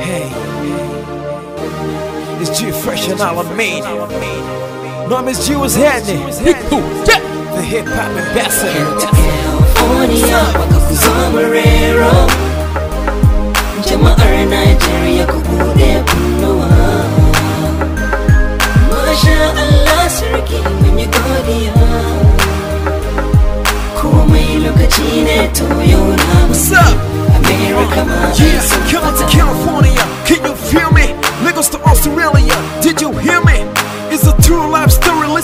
Hey, it's G Fresh and Alameda. Name miss G was Henny. The hip hop ambassador. California, Sombrero. Jama'ar Nigeria ku bude kunnuwa. Masha Allah sarki.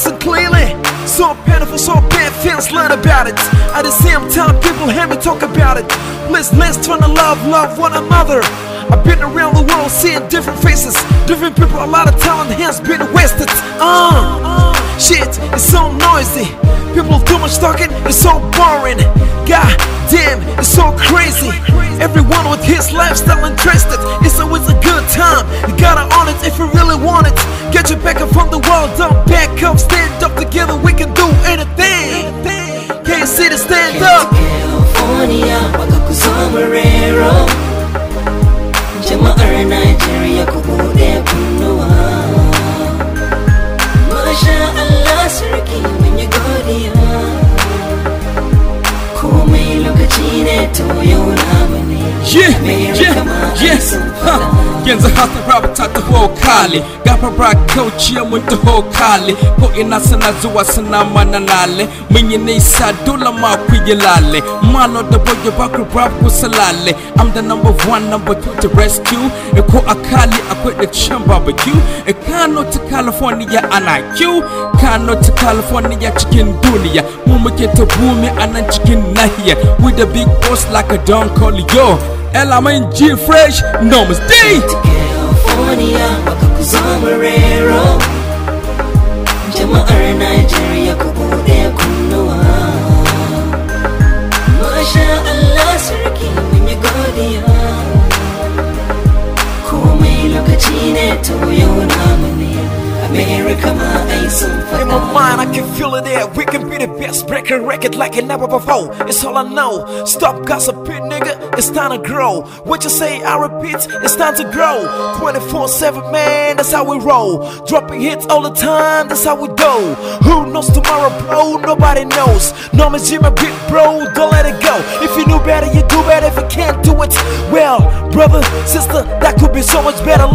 so clearly So painful, so bad, feels Learn about it At the same time, people hear me talk about it Let's, let's turn to love, love one another I've been around the world, seeing different faces Different people, a lot of talent has been wasted uh, Shit, it's so noisy People too much talking, it's so boring God damn, it's so crazy Everyone with his lifestyle interested It's always a good time, you gotta out if you really want it. Get your back up from the world, don't back up. Stand up together, we can do anything. Can't see the stand up. California, wakaku somerero. Jama'ar Nigeria, kubude kunuwa. Masha Allah, sarki manya godiya. Komai lokaci ne to yau namu Yeah, yeah, yeah, huh yanzu hassan rap ta taho kali gafara kauciya mun taho kali ko ina suna zuwa suna mana lale mun yi nisa dole ma ku yi lale malo da boye ba ku rap ku i'm the number one number two to rescue e ko a kali akwai da barbecue e kano to california ana q kano to california cikin duniya mu muke ta bumi a chicken cikin nahiya with a big boss like a don call yo LMNG Fresh Namaste California wakakuzomerero jama'ar Najeriya ku bude Masha Allah sarki mun yi godiya komai lokaci ne America ma ai sun faɗa I can feel it there we can Yes, break a record like it never before. It's all I know. Stop gossiping, nigga. It's time to grow. What you say, I repeat, it's time to grow. 24 7, man, that's how we roll. Dropping hits all the time, that's how we go. Who knows tomorrow, bro? Nobody knows. No, it's Jimmy Big, bro. Don't let it go. If you knew better, you do better. If you can't do it, well, brother, sister, that could be so much better.